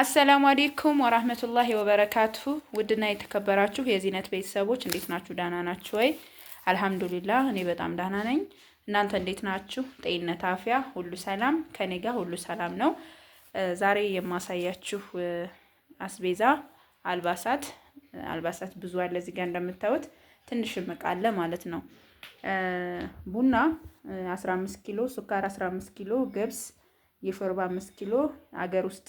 አሰላሙ አሌይኩም ወራህመቱላሂ ወበረካቱ። ውድና የተከበራችሁ የዚነት ቤተሰቦች እንዴት ናችሁ? ዳና ናችሁ ወይ? አልሐምዱሊላህ እኔ በጣም ዳና ነኝ። እናንተ እንዴት ናችሁ? ጤንነት አፍያ፣ ሁሉ ሰላም ከኔ ጋር ሁሉ ሰላም ነው። ዛሬ የማሳያችሁ አስቤዛ፣ አልባሳት አልባሳት ብዙ አለ እዚህ ጋር እንደምታዩት፣ ትንሽ እቃ አለ ማለት ነው። ቡና 15 ኪሎ፣ ሱካር 15 ኪሎ፣ ገብስ የሾርባ አምስት ኪሎ አገር ውስጥ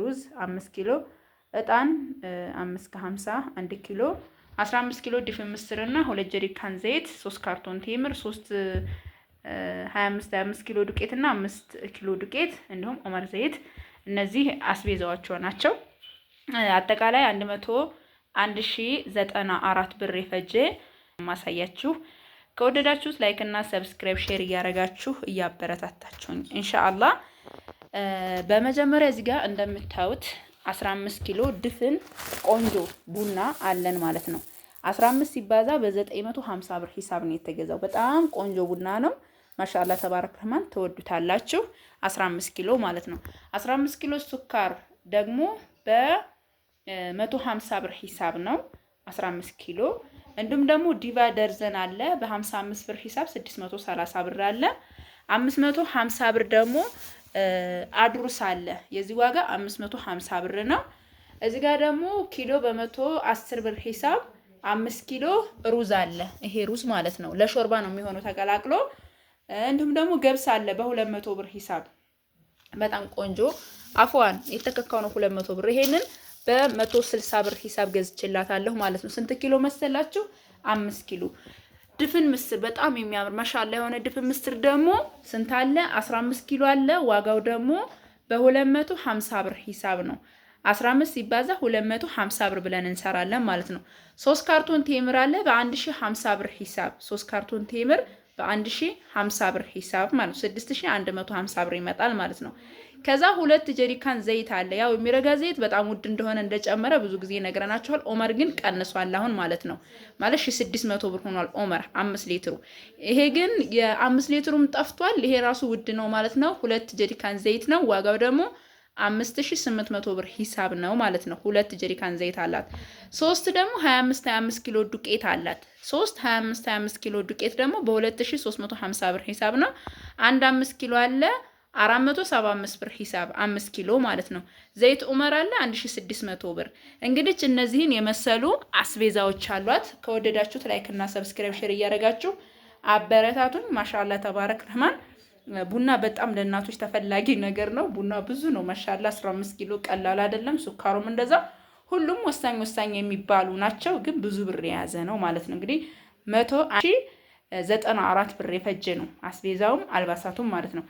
ሩዝ አምስት ኪሎ እጣን አምስት ከሀምሳ አንድ ኪሎ አስራ አምስት ኪሎ ድፍ ምስር እና ሁለት ጀሪካን ዘይት ሶስት ካርቶን ቴምር ሶስት ሀያ አምስት ሀያ አምስት ኪሎ ዱቄት እና አምስት ኪሎ ዱቄት እንዲሁም ኦመር ዘይት እነዚህ አስቤዛዋቸው ናቸው። አጠቃላይ አንድ መቶ አንድ ሺ ዘጠና አራት ብር የፈጀ ማሳያችሁ ከወደዳችሁት ላይክ እና ሰብስክራይብ ሼር እያደረጋችሁ እያበረታታችሁኝ እንሻአላ። በመጀመሪያ እዚህ ጋር እንደምታዩት 15 ኪሎ ድፍን ቆንጆ ቡና አለን ማለት ነው። 15 ሲባዛ በ950 ብር ሂሳብ ነው የተገዛው። በጣም ቆንጆ ቡና ነው። ማሻአላ ተባረክ ረህማን ተወዱታላችሁ። 15 ኪሎ ማለት ነው። 15 ኪሎ ሱካር ደግሞ በ150 ብር ሂሳብ ነው 15 ኪሎ እንዲሁም ደግሞ ዲቫ ደርዘን አለ በ55 ብር ሂሳብ 630 ብር አለ። 550 ብር ደግሞ አድሩስ አለ። የዚህ ዋጋ 550 ብር ነው። እዚህ ጋር ደግሞ ኪሎ በ110 ብር ሂሳብ አምስት ኪሎ ሩዝ አለ። ይሄ ሩዝ ማለት ነው ለሾርባ ነው የሚሆነው ተቀላቅሎ። እንዲሁም ደግሞ ገብስ አለ በ200 ብር ሂሳብ በጣም ቆንጆ አፏን የተከካው ነው 200 ብር ይሄንን በ160 ብር ሂሳብ ገዝቼላታለሁ ማለት ነው። ስንት ኪሎ መሰላችሁ? አምስት ኪሎ ድፍን ምስር በጣም የሚያምር መሻላ የሆነ ድፍን ምስር ደግሞ ስንት አለ? 15 ኪሎ አለ። ዋጋው ደግሞ በ250 ብር ሂሳብ ነው። 15 ሲባዛ 250 ብር ብለን እንሰራለን ማለት ነው። ሶስት ካርቶን ቴምር አለ በ1050 ብር ሂሳብ ሶስት ካርቶን ቴምር በአንድ ሺ ሀምሳ ብር ሂሳብ ማለት ነው ሀምሳ ብር ይመጣል ማለት ነው። ከዛ ሁለት ጀሪካን ዘይት አለ። ያው የሚረጋ ዘይት በጣም ውድ እንደሆነ እንደጨመረ ብዙ ጊዜ ነግረናችኋል። ኦመር ግን ቀንሷል አሁን ማለት ነው። ማለት መቶ ብር ሆኗል ኦመር 5 ሊትሩ። ይሄ ግን የአምስት ሊትሩም ጠፍቷል። ይሄ ራሱ ውድ ነው ማለት ነው። ሁለት ጀሪካን ዘይት ነው ዋጋው ደግሞ 5800 ብር ሂሳብ ነው ማለት ነው። ሁለት ጀሪካን ዘይት አላት። ሶስት ደግሞ 25 25 ኪሎ ዱቄት አላት። ሶስት 25 ኪሎ ዱቄት ደግሞ በ2350 ብር ሂሳብ ነው። አንድ 5 ኪሎ አለ 475 ብር ሂሳብ 5 ኪሎ ማለት ነው። ዘይት ኡመር አለ 1600 ብር። እንግዲህ እነዚህን የመሰሉ አስቤዛዎች አሏት። ከወደዳችሁት ላይክ እና ሰብስክራይብ እያደረጋችሁ አበረታቱን። ማሻአላ ተባረክ ረህማን ቡና በጣም ለእናቶች ተፈላጊ ነገር ነው። ቡና ብዙ ነው መሻላ 15 ኪሎ ቀላል አይደለም። ሱካሩም እንደዛ ሁሉም ወሳኝ ወሳኝ የሚባሉ ናቸው። ግን ብዙ ብር የያዘ ነው ማለት ነው። እንግዲህ መቶ ዘጠና አራት ብር የፈጀ ነው አስቤዛውም አልባሳቱም ማለት ነው።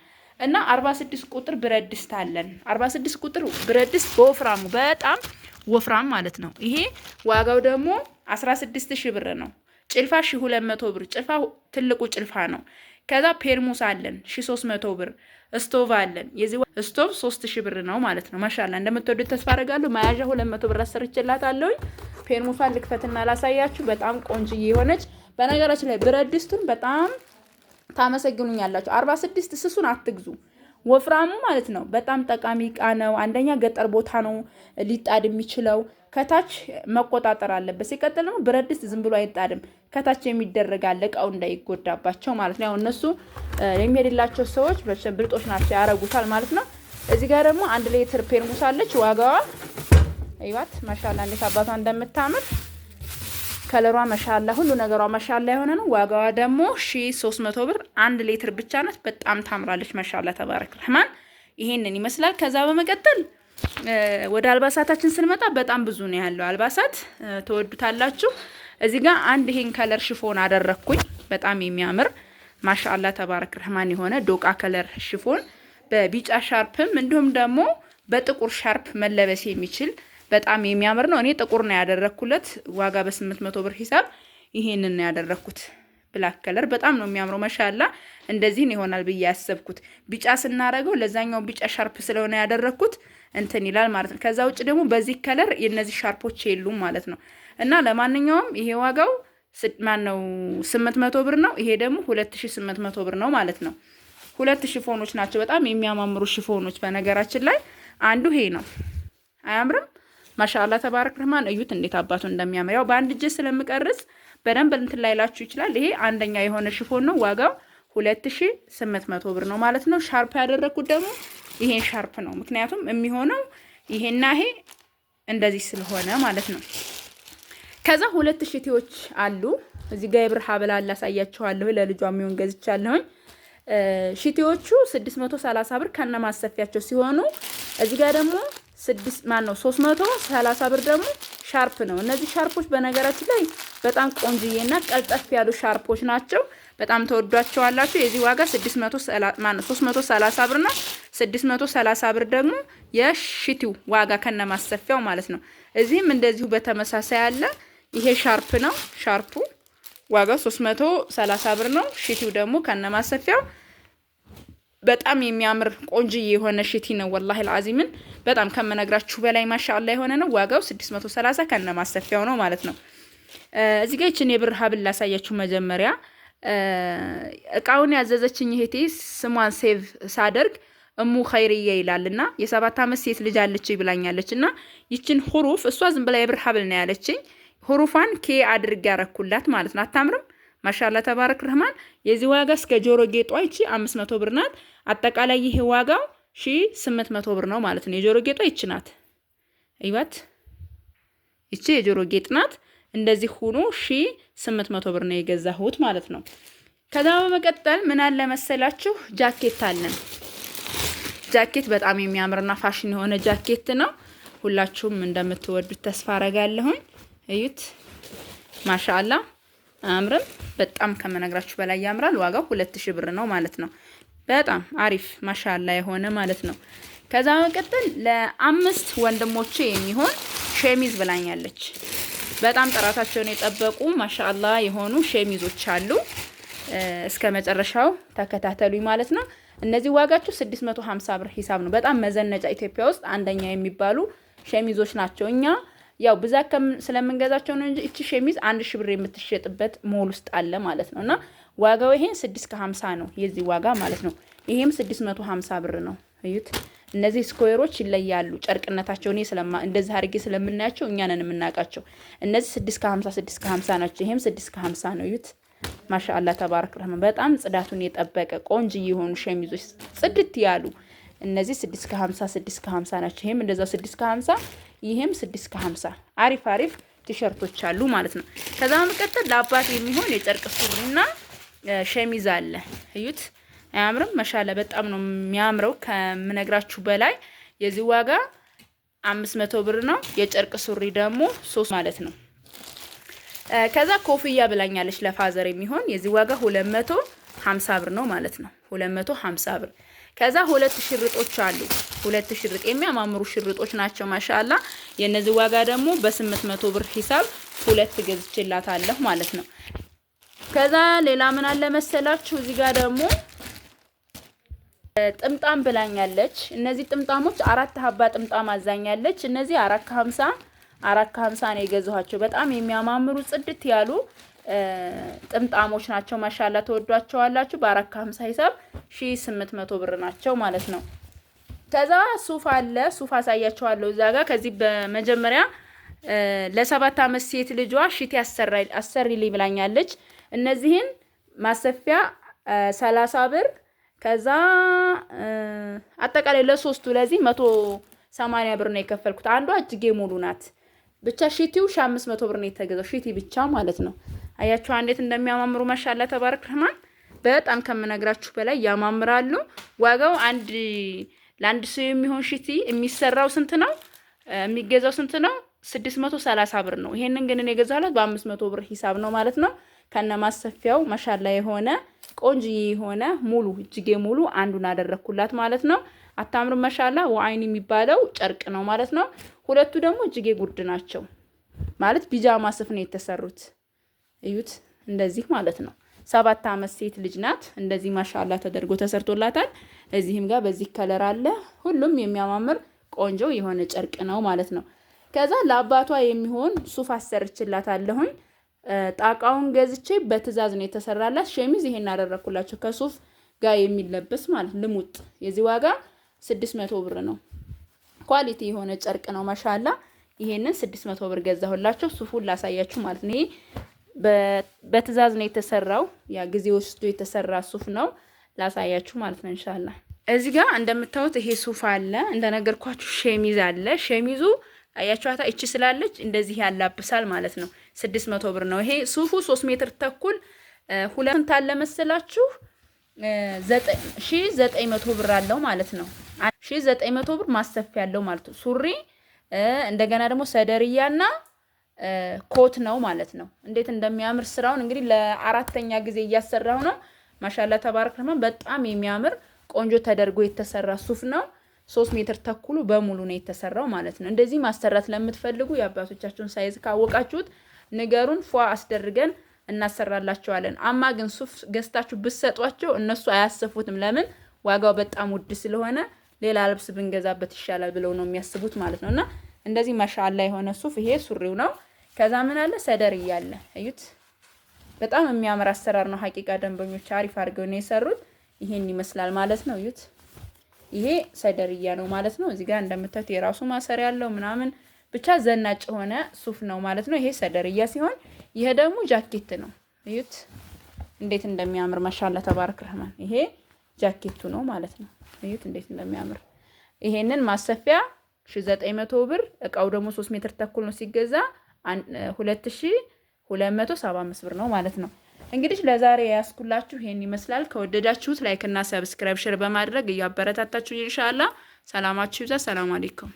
እና 46 ቁጥር ብረት ድስት አለን። 46 ቁጥር ብረት ድስት በወፍራሙ በጣም ወፍራም ማለት ነው። ይሄ ዋጋው ደግሞ 16 ሺ ብር ነው። ጭልፋ 1200 ብር ጭልፋ ትልቁ ጭልፋ ነው። ከዛ ፔርሙስ አለን ሺ ሶስት መቶ ብር ስቶቭ አለን። የዚህ ስቶቭ ሶስት ሺ ብር ነው ማለት ነው። ማሻላ እንደምትወዱት ተስፋ አደርጋለሁ። መያዣ ሁለት መቶ ብር አሰርችላታለሁ። ፔርሙሷን ልክፈትና ላሳያችሁ። በጣም ቆንጅዬ የሆነች በነገራችን ላይ ብረት ድስቱን በጣም ታመሰግኑኛላችሁ። አርባ ስድስት ስሱን አትግዙ ወፍራሙ ማለት ነው። በጣም ጠቃሚ እቃ ነው። አንደኛ ገጠር ቦታ ነው ሊጣድ የሚችለው ከታች መቆጣጠር አለበት። ሲቀጥል ደግሞ ብረት ድስት ዝም ብሎ አይጣድም። ከታች የሚደረግ አለ እቃው እንዳይጎዳባቸው ማለት ነው። ያው እነሱ የሚሄድላቸው ሰዎች ብልጦች ናቸው ያረጉታል ማለት ነው። እዚህ ጋር ደግሞ አንድ ሌትር ፔርሙስ አለች። ዋጋዋ ይባት ማሻላ እንዴት አባቷ እንደምታምር ከለሯ መሻላ ሁሉ ነገሯ መሻላ የሆነ ነው። ዋጋዋ ደግሞ ሺ መቶ ብር አንድ ሌትር ብቻ ናት። በጣም ታምራለች። መሻላ ተባረክ ረህማን። ይሄንን ይመስላል። ከዛ በመቀጠል ወደ አልባሳታችን ስንመጣ በጣም ብዙ ነው ያለው አልባሳት፣ ተወዱታላችሁ። እዚህ ጋር አንድ ይሄን ከለር ሽፎን አደረግኩኝ። በጣም የሚያምር ማሻአላ ተባረክ ረህማን የሆነ ዶቃ ከለር ሽፎን በቢጫ ሻርፕም እንዲሁም ደግሞ በጥቁር ሻርፕ መለበስ የሚችል በጣም የሚያምር ነው። እኔ ጥቁር ነው ያደረግኩለት ዋጋ በስምንት መቶ ብር ሂሳብ ይሄንን ነው ያደረግኩት። ብላክ ከለር በጣም ነው የሚያምረው። መሻላ እንደዚህን ይሆናል ብዬ ያሰብኩት ቢጫ ስናረገው ለዛኛው ቢጫ ሻርፕ ስለሆነ ያደረግኩት እንትን ይላል ማለት ነው። ከዛ ውጭ ደግሞ በዚህ ከለር የነዚህ ሻርፖች የሉም ማለት ነው። እና ለማንኛውም ይሄ ዋጋው ማን ነው ስምንት መቶ ብር ነው። ይሄ ደግሞ ሁለት ሺ ስምንት መቶ ብር ነው ማለት ነው። ሁለት ሽፎኖች ናቸው። በጣም የሚያማምሩ ሽፎኖች። በነገራችን ላይ አንዱ ይሄ ነው። አያምርም? ማሻአላ ተባረክ ረህማን። እዩት እንዴት አባቱ እንደሚያምር። ያው በአንድ እጄ ስለምቀርጽ በደንብ እንትን ላይላችሁ ይችላል። ይሄ አንደኛ የሆነ ሽፎን ነው። ዋጋው ሁለት ሺ ስምንት መቶ ብር ነው ማለት ነው። ሻርፕ ያደረግኩት ደግሞ ይሄን ሻርፕ ነው። ምክንያቱም የሚሆነው ይሄና ይሄ እንደዚህ ስለሆነ ማለት ነው። ከዛ ሁለት ሽቴዎች አሉ። እዚህ ጋር የብር ሀብል አላሳያችኋለሁ። ለልጇ የሚሆን ገዝቻለሁኝ። ሽቴዎቹ 630 ብር ከነ ማሰፊያቸው ሲሆኑ እዚህ ጋር ደግሞ ስድስት ማን ነው 330 ብር ደግሞ ሻርፕ ነው። እነዚህ ሻርፖች በነገራችን ላይ በጣም ቆንጅዬና ቀልጠፍ ያሉ ሻርፖች ናቸው። በጣም ተወዷቸዋላችሁ። የዚህ ዋጋ 630 ማን ነው 330 ብር ነው። 630 ብር ደግሞ የሽቲው ዋጋ ማሰፊያው ማለት ነው። እዚህም እንደዚሁ በተመሳሳይ አለ። ይሄ ሻርፕ ነው። ሻርፑ ዋጋው 330 ብር ነው። ሽቲው ደግሞ ማሰፊያው በጣም የሚያምር ቆንጅዬ የሆነ ሽቲ ነው። ወላሂ አልዓዚምን በጣም ከመነግራችሁ በላይ ማሻአላ የሆነ ነው። ዋጋው 630 ከነ ማሰፊያው ነው ማለት ነው። እዚህ ጋር ይችን የብር ሀብል ላሳያችሁ። መጀመሪያ እቃውን ያዘዘችኝ እህቴ ስሟን ሴቭ ሳደርግ እሙ ኸይርዬ ይላል እና የሰባት ዓመት ሴት ልጅ አለች ብላኛለች እና ይችን ሁሩፍ እሷ ዝም ብላ የብር ሀብል ነው ያለችኝ። ሁሩፏን ኬ አድርጌ ያረኩላት ማለት ነው። አታምርም? ማሻላ ተባረክ ረህማን። የዚህ ዋጋ እስከ ጆሮ ጌጧ ይቺ አምስት መቶ ብር ናት። አጠቃላይ ይሄ ዋጋው ሺ ስምንት መቶ ብር ነው ማለት ነው። የጆሮ ጌጧ ይቺ ናት። ይባት ይቺ የጆሮ ጌጥ ናት። እንደዚህ ሁኖ ሺ ስምንት መቶ ብር ነው የገዛሁት ማለት ነው። ከዛ በመቀጠል ምን አለ መሰላችሁ ጃኬት አለን ጃኬት በጣም የሚያምርና ፋሽን የሆነ ጃኬት ነው። ሁላችሁም እንደምትወዱት ተስፋ አረጋለሁኝ። እዩት፣ ማሻአላ አምርም በጣም ከመነግራችሁ በላይ ያምራል። ዋጋው ሁለት ሺ ብር ነው ማለት ነው። በጣም አሪፍ ማሻአላ የሆነ ማለት ነው። ከዛ በመቀጠል ለአምስት ወንድሞቼ የሚሆን ሸሚዝ ብላኛለች። በጣም ጥራታቸውን የጠበቁ ማሻአላ የሆኑ ሸሚዞች አሉ። እስከ መጨረሻው ተከታተሉኝ ማለት ነው። እነዚህ ዋጋቸው 650 ብር ሂሳብ ነው። በጣም መዘነጫ ኢትዮጵያ ውስጥ አንደኛ የሚባሉ ሸሚዞች ናቸው። እኛ ያው ብዛት ስለምንገዛቸው ነው እንጂ እቺ ሸሚዝ አንድ ሺ ብር የምትሸጥበት ሞል ውስጥ አለ ማለት ነው። እና ዋጋው ይሄን 6 50 ነው የዚህ ዋጋ ማለት ነው። ይሄም 650 ብር ነው። እዩት። እነዚህ ስኩዌሮች ይለያሉ። ጨርቅነታቸው እኔ ስለማ እንደዚህ አድርጌ ስለምናያቸው እኛ ነን የምናውቃቸው እነዚህ 6 ከ50 6 50 ናቸው። ይሄም 6 50 ነው። እዩት። ማሻአላ ተባረክ ረህማን በጣም ጽዳቱን የጠበቀ ቆንጅ የሆኑ ሸሚዞች ጽድት ያሉ እነዚህ 6 ከ50 6 ከ ናቸው። ይህም እንደዛው 6 ከ50 ይሄም 6 ከ አሪፍ አሪፍ ቲሸርቶች አሉ ማለት ነው። ከዛ በመቀጠል ለአባት የሚሆን የጨርቅ ሱሪና ሸሚዝ አለ። እዩት፣ አያምርም? መሻለ በጣም ነው የሚያምረው። ከምነግራችሁ በላይ የዚህ ዋጋ መቶ ብር ነው። የጨርቅ ሱሪ ደግሞ ሶስት ማለት ነው ከዛ ኮፍያ ብላኛለች ለፋዘር የሚሆን የዚህ ዋጋ 250 ብር ነው ማለት ነው። 250 ብር። ከዛ ሁለት ሽርጦች አሉ። ሁለት ሽርጥ የሚያማምሩ ሽርጦች ናቸው። ማሻላ የነዚህ ዋጋ ደግሞ በ800 ብር ሂሳብ ሁለት ገዝቼላታለሁ ማለት ነው። ከዛ ሌላ ምን አለ መሰላችሁ እዚህ ጋር ደግሞ ጥምጣም ብላኛለች። እነዚህ ጥምጣሞች አራት ሀባ ጥምጣም አዛኛለች። እነዚህ አራት ከ50 አራት ከሀምሳ ነው የገዛኋቸው። በጣም የሚያማምሩ ጽድት ያሉ ጥምጣሞች ናቸው። ማሻላ ተወዷቸዋላችሁ። በአራት ከሀምሳ ሂሳብ ሺ ስምንት መቶ ብር ናቸው ማለት ነው። ከዛ ሱፍ አለ። ሱፍ አሳያቸዋለሁ እዛ ጋር ከዚህ በመጀመሪያ ለሰባት አመት ሴት ልጇ ሽት አሰሪልኝ ብላኛለች። እነዚህን ማሰፊያ ሰላሳ ብር ከዛ አጠቃላይ ለሶስቱ ለዚህ መቶ ሰማንያ ብር ነው የከፈልኩት። አንዷ እጅጌ ሙሉ ናት። ብቻ ሺቲው ሺ አምስት መቶ ብር ነው የተገዛው። ሺቲ ብቻ ማለት ነው። አያችሁ እንዴት እንደሚያማምሩ መሻላ ተባረክ ረህማን። በጣም ከምነግራችሁ በላይ ያማምራሉ። ዋጋው አንድ ለአንድ ሰው የሚሆን ሺቲ የሚሰራው ስንት ነው? የሚገዛው ስንት ነው? ስድስት መቶ ሰላሳ ብር ነው። ይሄንን ግን እኔ የገዛሁላት በአምስት መቶ ብር ሂሳብ ነው ማለት ነው። ከነ ማሰፊያው ማሻላ የሆነ ቆንጅዬ የሆነ ሙሉ እጅጌ ሙሉ አንዱን አደረግኩላት ማለት ነው። አታምር መሻላ ወአይን የሚባለው ጨርቅ ነው ማለት ነው። ሁለቱ ደግሞ እጅጌ ጉርድ ናቸው ማለት ቢጃማ ስፍ ነው የተሰሩት። እዩት እንደዚህ ማለት ነው። ሰባት አመት ሴት ልጅ ናት። እንደዚህ ማሻላ ተደርጎ ተሰርቶላታል። እዚህም ጋር በዚህ ከለር አለ። ሁሉም የሚያማምር ቆንጆ የሆነ ጨርቅ ነው ማለት ነው። ከዛ ለአባቷ የሚሆን ሱፍ አሰርችላታለሁኝ። ጣቃውን ገዝቼ በትዕዛዝ ነው የተሰራላት። ሸሚዝ ይሄን አደረኩላቸው ከሱፍ ጋር የሚለበስ ማለት ልሙጥ የዚህ ዋጋ ስድስት መቶ ብር ነው። ኳሊቲ የሆነ ጨርቅ ነው። ማሻላ ይሄንን ስድስት መቶ ብር ገዛሁላቸው። ሱፉን ላሳያችሁ ማለት ነው። ይሄ በትዕዛዝ ነው የተሰራው። ያ ጊዜ ወስዶ የተሰራ ሱፍ ነው። ላሳያችሁ ማለት ነው። ኢንሻአላ እዚህ ጋር እንደምታዩት ይሄ ሱፍ አለ። እንደነገርኳችሁ ሸሚዝ አለ። ሸሚዙ አያችኋታ እቺ ስላለች እንደዚህ ያላብሳል ማለት ነው። ስድስት መቶ ብር ነው። ይሄ ሱፉ ሶስት ሜትር ተኩል ሁለትን ታለ መሰላችሁ ሺህ ዘጠኝ መቶ ብር አለው ማለት ነው። ሺህ ዘጠኝ መቶ ብር ማሰፊያ አለው ማለት ነው። ሱሪ እንደገና ደግሞ ሰደርያና ኮት ነው ማለት ነው። እንዴት እንደሚያምር ስራውን እንግዲህ ለአራተኛ ጊዜ እያሰራው ነው። ማሻላ ተባረክ ረህማን። በጣም የሚያምር ቆንጆ ተደርጎ የተሰራ ሱፍ ነው። ሶስት ሜትር ተኩሉ በሙሉ ነው የተሰራው ማለት ነው። እንደዚህ ማሰራት ለምትፈልጉ የአባቶቻችሁን ሳይዝ ካወቃችሁት ንገሩን፣ ፏ አስደርገን እናሰራላቸዋለን። አማ ግን ሱፍ ገዝታችሁ ብትሰጧቸው እነሱ አያሰፉትም። ለምን ዋጋው በጣም ውድ ስለሆነ ሌላ ልብስ ብንገዛበት ይሻላል ብለው ነው የሚያስቡት ማለት ነው። እና እንደዚህ ማሻአላ የሆነ ሱፍ ይሄ ሱሪው ነው። ከዛ ምን አለ ሰደር እያለ እዩት። በጣም የሚያምር አሰራር ነው። ሀቂቃ ደንበኞች አሪፍ አድርገው ነው የሰሩት። ይሄን ይመስላል ማለት ነው። እዩት። ይሄ ሰደርያ ነው ማለት ነው። እዚህ ጋር እንደምታዩት የራሱ ማሰሪያ ያለው ምናምን ብቻ ዘናጭ የሆነ ሱፍ ነው ማለት ነው። ይሄ ሰደርያ ሲሆን ይሄ ደግሞ ጃኬት ነው። እዩት እንዴት እንደሚያምር ማሻላ ተባረክ ረህማን። ይሄ ጃኬቱ ነው ማለት ነው። እዩት እንዴት እንደሚያምር ይሄንን ማሰፊያ 900 ብር፣ እቃው ደግሞ 3 ሜትር ተኩል ነው ሲገዛ 2275 ብር ነው ማለት ነው። እንግዲህ ለዛሬ ያስኩላችሁ ይሄን ይመስላል። ከወደዳችሁት ላይክ እና ሰብስክራይብ ሼር በማድረግ እያበረታታችሁ ኢንሻአላህ ሰላማችሁ ይብዛ። ሰላም አለይኩም